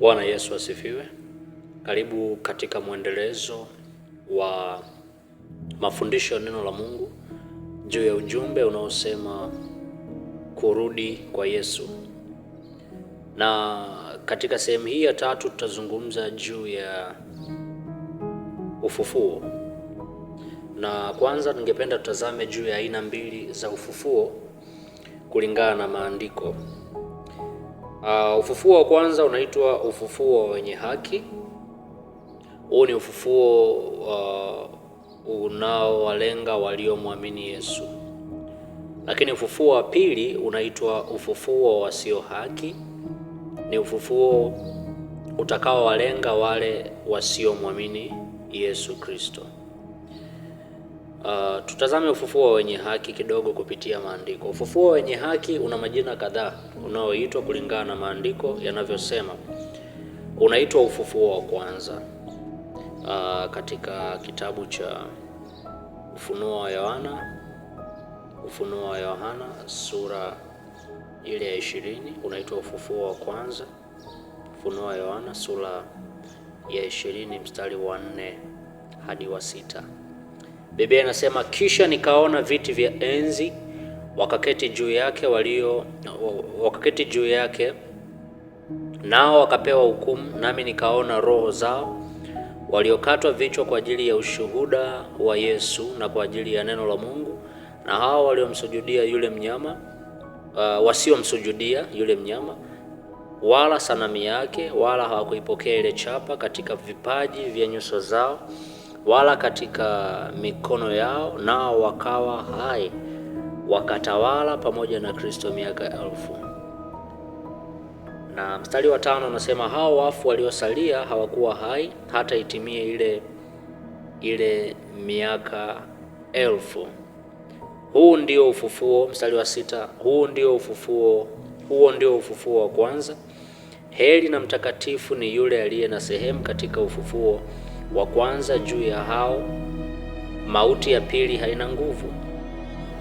Bwana Yesu asifiwe. Karibu katika mwendelezo wa mafundisho ya neno la Mungu juu ya ujumbe unaosema kurudi kwa Yesu, na katika sehemu hii ya tatu tutazungumza juu ya ufufuo, na kwanza ningependa tutazame juu ya aina mbili za ufufuo kulingana na maandiko. Uh, ufufuo wa kwanza unaitwa ufufuo wa wenye haki. Huu ni ufufuo uh, unaowalenga waliomwamini Yesu, lakini ufufuo wa pili unaitwa ufufuo wa wasio haki. Ni ufufuo utakaowalenga wale wasiomwamini Yesu Kristo. Uh, tutazame ufufuo wenye haki kidogo kupitia maandiko. Ufufuo wenye haki una majina kadhaa unaoitwa kulingana na maandiko yanavyosema. Unaitwa ufufuo wa kwanza uh, katika kitabu cha Ufunuo wa Yohana, Ufunuo wa Yohana sura ile ya ishirini unaitwa ufufuo wa kwanza. Ufunuo wa Yohana sura ya ishirini mstari wa nne hadi wa sita. Biblia inasema kisha nikaona viti vya enzi wakaketi juu yake walio wakaketi juu yake nao wakapewa hukumu, nami nikaona roho zao waliokatwa vichwa kwa ajili ya ushuhuda wa Yesu na kwa ajili ya neno la Mungu, na hao waliomsujudia yule mnyama uh, wasiomsujudia yule mnyama wala sanamu yake, wala hawakuipokea ile chapa katika vipaji vya nyuso zao wala katika mikono yao, nao wakawa hai wakatawala pamoja na Kristo miaka elfu. Na mstari wa tano unasema hao wafu waliosalia hawakuwa hai hata itimie ile ile miaka elfu. Huu ndio ufufuo. Mstari wa sita, huu ndio ufufuo, huo ndio ufufuo wa kwanza. Heri na mtakatifu ni yule aliye na sehemu katika ufufuo wa kwanza juu ya hao, mauti ya pili haina nguvu,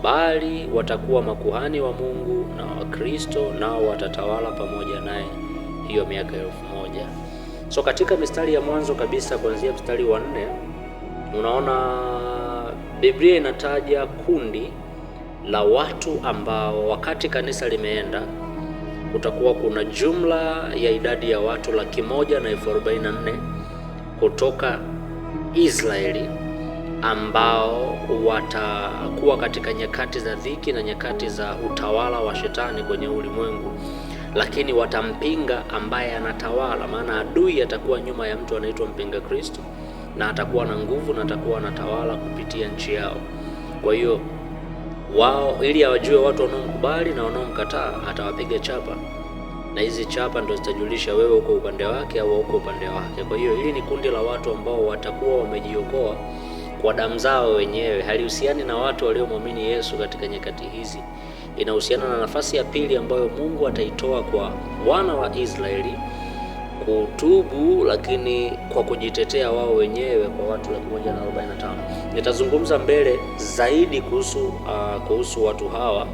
bali watakuwa makuhani wa Mungu na Wakristo, nao watatawala pamoja naye hiyo miaka elfu moja. So katika mistari ya mwanzo kabisa kuanzia mstari wa nne unaona Biblia inataja kundi la watu ambao wakati kanisa limeenda kutakuwa kuna jumla ya idadi ya watu laki moja na elfu arobaini na nne kutoka Israeli ambao watakuwa katika nyakati za dhiki na nyakati za utawala wa shetani kwenye ulimwengu, lakini watampinga ambaye anatawala. Maana adui atakuwa nyuma ya mtu anaitwa mpinga Kristo, na atakuwa na nguvu na atakuwa anatawala kupitia nchi yao. Kwa hiyo wao, ili awajue watu wanaomkubali na wanaomkataa, atawapiga chapa na hizi chapa ndo zitajulisha wewe uko upande wake au uko upande wake. Kwa hiyo hili ni kundi la watu ambao watakuwa wamejiokoa kwa damu zao wenyewe, halihusiani na watu waliomwamini Yesu katika nyakati hizi. Inahusiana na nafasi ya pili ambayo Mungu ataitoa kwa wana wa Israeli kutubu, lakini kwa kujitetea wao wenyewe kwa watu laki moja na arobaini na tano. Nitazungumza mbele zaidi kuhusu uh, kuhusu watu hawa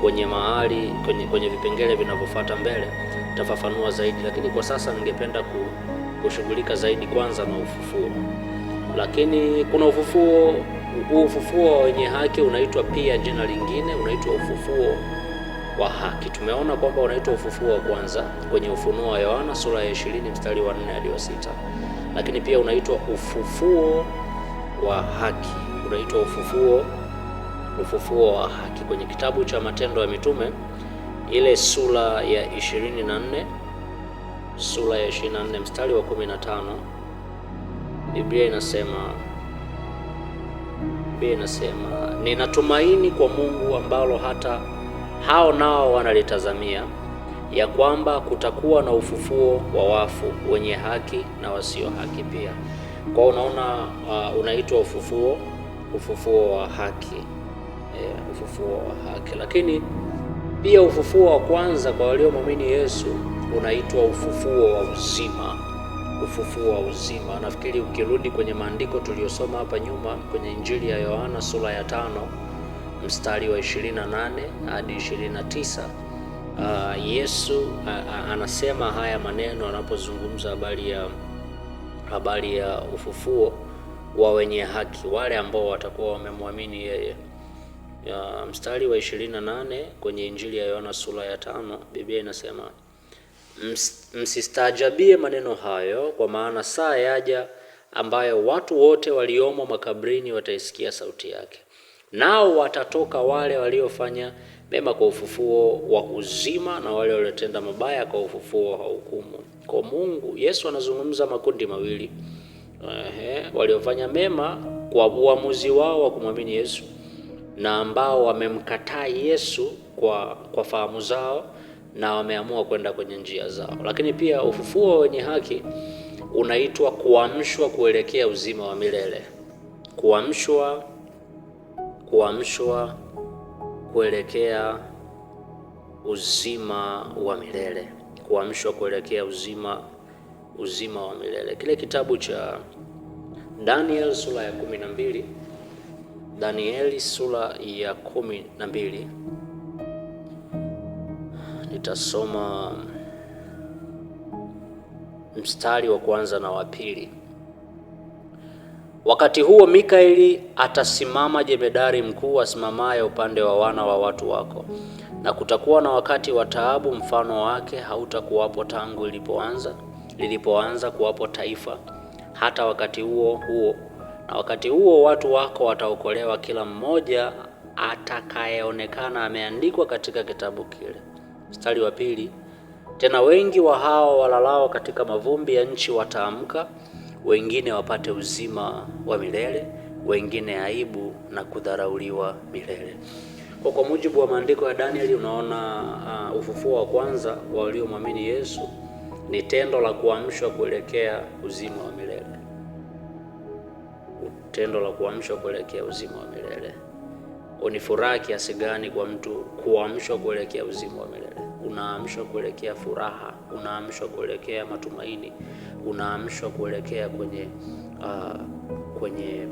kwenye mahali kwenye, kwenye vipengele vinavyofuata mbele tafafanua zaidi, lakini kwa sasa ningependa kushughulika zaidi kwanza na ufufuo. Lakini kuna ufufuo, ufufuo wenye haki unaitwa pia jina lingine, unaitwa ufufuo wa haki. Tumeona kwamba unaitwa ufufuo wa kwanza kwenye Ufunuo wa Yohana sura ya 20 mstari wa 4 hadi wa 6, lakini pia unaitwa ufufuo wa haki, unaitwa ufufuo ufufuo wa haki kwenye kitabu cha Matendo ya Mitume ile sura ya 24 sura ya 24 mstari wa 15, Biblia inasema Biblia inasema ninatumaini kwa Mungu ambalo hata hao nao wanalitazamia ya kwamba kutakuwa na ufufuo wa wafu wenye haki na wasio haki pia. Kwa unaona, uh, unaitwa ufufuo ufufuo wa haki eh, ufufuo wa haki. Lakini pia ufufuo wa kwanza kwa waliomwamini Yesu unaitwa ufufuo wa uzima, ufufuo wa uzima. Nafikiri ukirudi kwenye maandiko tuliyosoma hapa nyuma kwenye Injili ya Yohana sura ya tano mstari wa 28 hadi 29 Uh, ah, Yesu uh, anasema haya maneno anapozungumza habari ya habari ya ufufuo wa wenye haki, wale ambao watakuwa wamemwamini yeye ya mstari wa 28 kwenye Injili ya Yohana sura ya tano, Biblia inasema msistaajabie maneno hayo, kwa maana saa yaja ambayo watu wote waliomo makabrini wataisikia sauti yake, nao watatoka wale waliofanya mema kwa ufufuo wa uzima na wale waliotenda mabaya kwa ufufuo wa hukumu. Kwa Mungu, Yesu anazungumza makundi mawili, ehe, waliofanya mema kwa uamuzi wao wa kumwamini Yesu na ambao wamemkataa Yesu kwa, kwa fahamu zao na wameamua kwenda kwenye njia zao. Lakini pia ufufuo wenye haki unaitwa kuamshwa kuelekea uzima wa milele, kuamshwa kuamshwa kuelekea uzima wa milele, kuamshwa kuelekea uzima uzima wa milele. Kile kitabu cha Daniel sura ya kumi na mbili Danieli sura ya kumi na mbili nitasoma mstari wa kwanza na wa pili. Wakati huo Mikaeli atasimama jemedari mkuu asimamaye upande wa wana wa watu wako, na kutakuwa na wakati wa taabu, mfano wake hautakuwapo tangu ilipoanza lilipoanza kuwapo taifa hata wakati huo huo na wakati huo watu wako wataokolewa, kila mmoja atakayeonekana ameandikwa katika kitabu kile. Mstari wa pili, tena wengi wa hao walalao katika mavumbi ya nchi wataamka, wengine wapate uzima wa milele, wengine aibu na kudharauliwa milele. Kwa, kwa mujibu wa maandiko ya Danieli unaona uh, ufufuo wa kwanza wa waliomwamini Yesu ni tendo la kuamshwa kuelekea uzima wa milele tendo la kuamshwa kuelekea uzima wa milele. Ni furaha kiasi gani kwa mtu kuamshwa kuelekea uzima wa milele? Unaamshwa kuelekea furaha, unaamshwa kuelekea matumaini, unaamshwa kuelekea kwenye uh, kwenye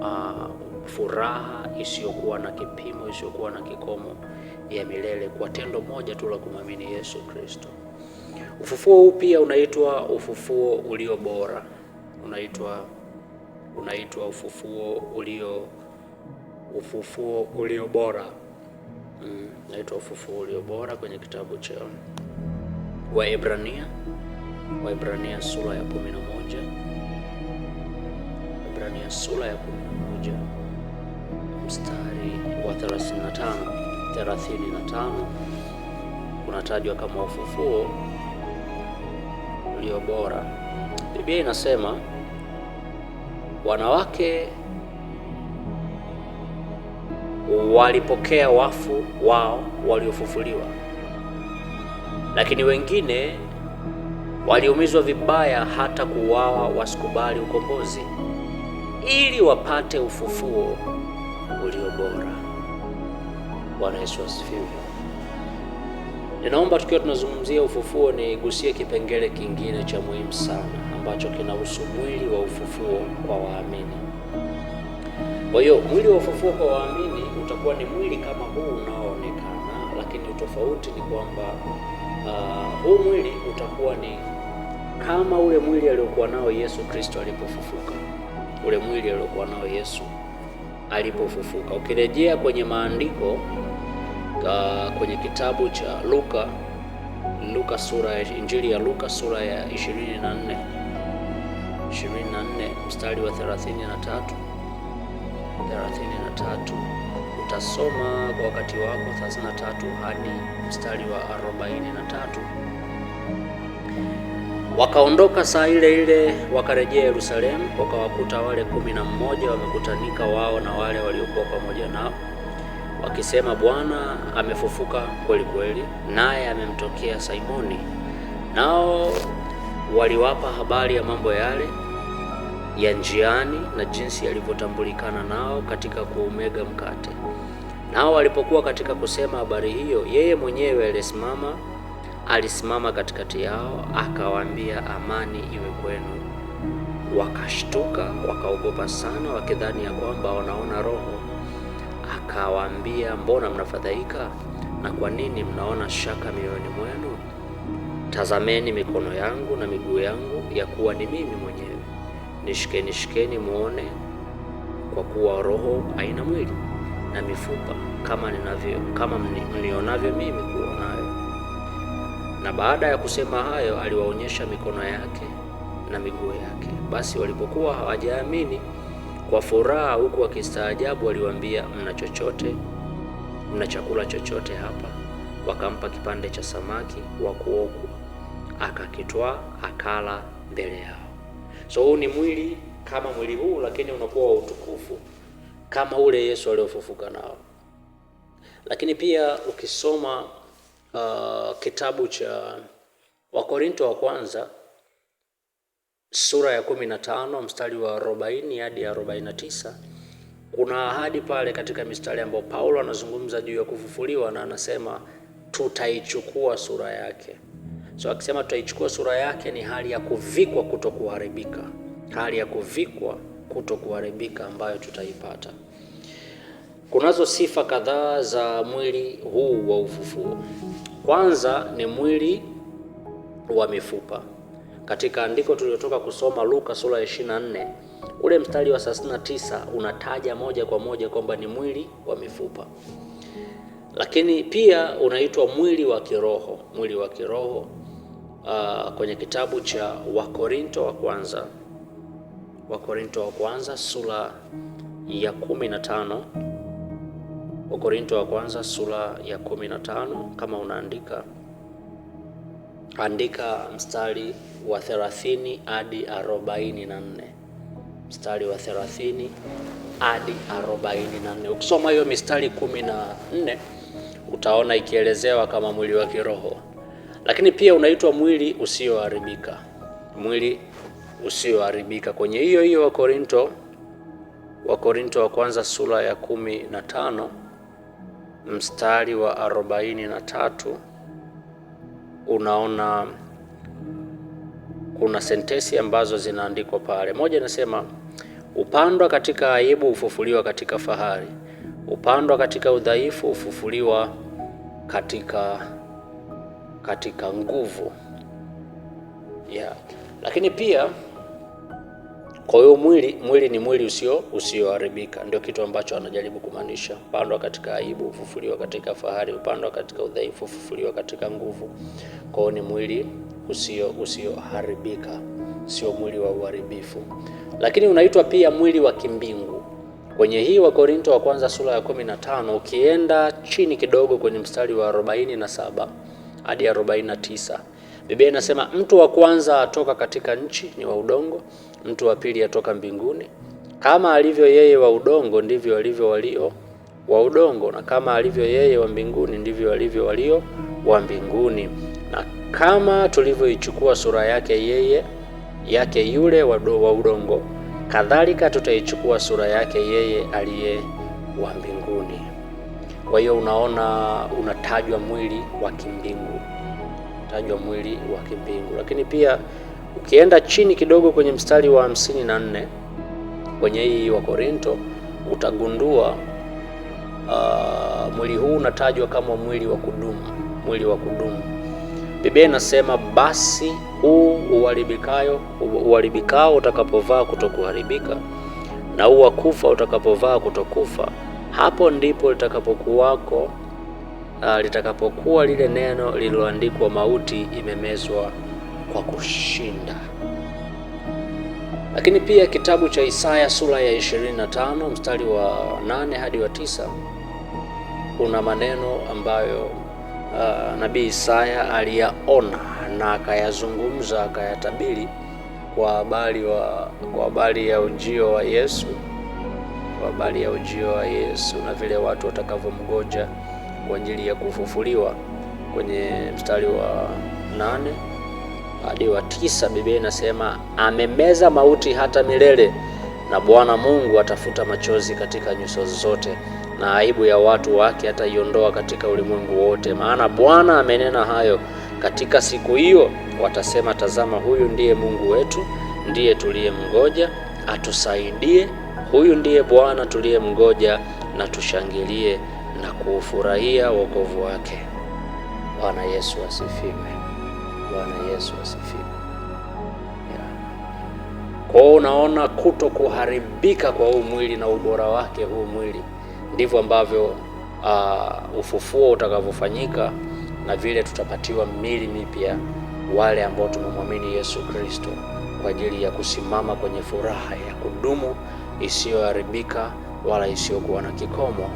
uh, furaha isiyokuwa na kipimo, isiyokuwa na kikomo ya milele, kwa tendo moja tu la kumwamini Yesu Kristo. Ufufuo huu pia unaitwa ufufuo ulio bora, unaitwa unaitwa ufufuo ulio ufufuo ulio bora mm, naitwa ufufuo ulio bora kwenye kitabu cha Waebrania, Waebrania sura ya 11, Waebrania sura ya 11 mstari wa 35 35 unatajwa kama ufufuo ulio bora. Biblia inasema wanawake walipokea wafu wao waliofufuliwa, lakini wengine waliumizwa vibaya hata kuuawa, wasikubali ukombozi ili wapate ufufuo ulio bora. Bwana Yesu asifiwe. Ninaomba tukiwa tunazungumzia ufufuo, nigusie kipengele kingine cha muhimu sana ambacho kinahusu mwili wa ufufuo kwa waamini. Kwa hiyo mwili wa ufufuo kwa waamini utakuwa ni mwili kama huu unaoonekana, lakini tofauti ni kwamba uh, huu mwili utakuwa ni kama ule mwili aliokuwa nao Yesu Kristo alipofufuka, ule mwili aliokuwa nao Yesu alipofufuka. Ukirejea kwenye maandiko uh, kwenye kitabu cha Luka Luka sura ya Injili ya Luka sura ya 24 24 mstari wa 33 33 utasoma kwa wakati wako 33 hadi mstari wa 43. Wakaondoka saa ile ile wakarejea Yerusalemu, wakawakuta wale kumi na mmoja wamekutanika wao na wale waliokuwa pamoja nao wakisema, Bwana amefufuka kweli kweli, naye amemtokea Simoni. Nao waliwapa habari ya mambo yale ya njiani na jinsi yalivyotambulikana nao katika kuumega mkate. Nao walipokuwa katika kusema habari hiyo, yeye mwenyewe alisimama alisimama katikati yao akawaambia, amani iwe kwenu. Wakashtuka wakaogopa sana, wakidhani ya kwamba wanaona roho. Akawaambia, mbona mnafadhaika na kwa nini mnaona shaka mioyoni mwenu? Tazameni mikono yangu na miguu yangu ya kuwa ni mimi mwenyewe. Nishikeni shikeni muone, kwa kuwa roho haina mwili na mifupa kama ninavyo, kama mnionavyo mimi kuwa nayo. Na baada ya kusema hayo, aliwaonyesha mikono yake na miguu yake. Basi walipokuwa hawajaamini kwa furaha, huku wakistaajabu, aliwaambia, mna chochote? Mna chakula chochote hapa? Wakampa kipande cha samaki wa kuoku akakitwaa akala mbele yao. So huu ni mwili kama mwili huu, lakini unakuwa wa utukufu kama ule Yesu aliofufuka nao. Lakini pia ukisoma uh, kitabu cha Wakorinto wa kwanza sura ya kumi na tano mstari wa arobaini hadi arobaini na tisa kuna ahadi pale katika mistari ambayo Paulo anazungumza juu ya kufufuliwa na anasema tutaichukua sura yake. So akisema tutaichukua sura yake ni hali ya kuvikwa kutokuharibika, hali ya kuvikwa kutokuharibika ambayo tutaipata. Kunazo sifa kadhaa za mwili huu wa ufufuo. Kwanza ni mwili wa mifupa. Katika andiko tuliotoka kusoma Luka sura ya 24 ule mstari wa 39 unataja moja kwa moja kwamba ni mwili wa mifupa, lakini pia unaitwa mwili wa kiroho. Mwili wa kiroho uh, kwenye kitabu cha Wakorinto wa kwanza, Wakorinto wa kwanza sura ya 15, Wakorinto wa kwanza sura ya 15. Kama unaandika andika mstari wa 30 hadi 44, mstari wa 30 hadi 44. Ukisoma hiyo mistari 14 utaona ikielezewa kama mwili wa kiroho lakini pia unaitwa mwili usioharibika, mwili usioharibika. Kwenye hiyo hiyo Wakorinto, Wakorinto wa kwanza sura ya kumi na tano mstari wa arobaini na tatu unaona kuna sentesi ambazo zinaandikwa pale. Moja inasema upandwa katika aibu, ufufuliwa katika fahari; upandwa katika udhaifu, ufufuliwa katika katika nguvu yeah. Lakini pia kwa hiyo mwili mwili ni mwili usio usioharibika, ndio kitu ambacho anajaribu kumaanisha. Pandwa katika aibu, ufufuliwa katika fahari, upandwa katika udhaifu, ufufuliwa katika nguvu. Kwa hiyo ni mwili usio usioharibika, sio mwili wa uharibifu, lakini unaitwa pia mwili wa kimbingu. Kwenye hii wa korinto wa kwanza sura ya 15 ukienda chini kidogo kwenye mstari wa 47 hadi 49. Biblia inasema mtu wa kwanza atoka katika nchi ni wa udongo, mtu wa pili atoka mbinguni. Kama alivyo yeye wa udongo, ndivyo alivyo walio wa udongo, na kama alivyo yeye wa mbinguni, ndivyo alivyo walio wa mbinguni. Na kama tulivyoichukua sura yake yeye yake yule wa udongo, kadhalika tutaichukua sura yake yeye aliye wa mbinguni. Kwa hiyo unaona, unatajwa mwili wa kimbingu utajwa mwili wa kimbingu. Lakini pia ukienda chini kidogo kwenye mstari wa hamsini na nne kwenye hii wa Korinto utagundua uh, mwili huu unatajwa kama mwili wa kudumu, mwili wa kudumu. Biblia inasema basi huu uharibikayo uharibikao utakapovaa kutokuharibika na huu wa kufa utakapovaa kutokufa, hapo ndipo litakapokuwako uh, litakapokuwa lile neno lililoandikwa mauti imemezwa kwa kushinda. Lakini pia kitabu cha Isaya sura ya 25 mstari wa 8 hadi wa tisa kuna maneno ambayo uh, nabii Isaya aliyaona na akayazungumza akayatabiri kwa habari wa kwa habari ya ujio wa Yesu, kwa habari ya ujio wa Yesu na vile watu watakavyomgoja kwa ajili ya kufufuliwa kwenye mstari wa nane hadi wa tisa Biblia inasema amemeza mauti hata milele, na Bwana Mungu atafuta machozi katika nyuso zote, na aibu ya watu wake ataiondoa katika ulimwengu wote, maana Bwana amenena hayo. Katika siku hiyo watasema, tazama, huyu ndiye Mungu wetu, ndiye mgoja atusaidie, huyu ndiye Bwana mgoja na tushangilie na kuufurahia wokovu wake. Bwana Yesu asifiwe! Bwana Yesu asifiwe! hiyo unaona kuto kuharibika kwa huu mwili na ubora wake huu mwili, ndivyo ambavyo uh, ufufuo utakavyofanyika na vile tutapatiwa mili mipya wale ambao tumemwamini Yesu Kristo kwa ajili ya kusimama kwenye furaha ya kudumu isiyoharibika wala isiyokuwa na kikomo.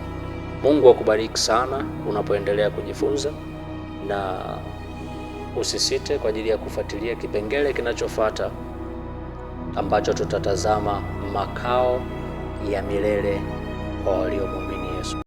Mungu akubariki sana unapoendelea kujifunza na usisite kwa ajili ya kufuatilia kipengele kinachofuata ambacho tutatazama makao ya milele kwa waliomwamini.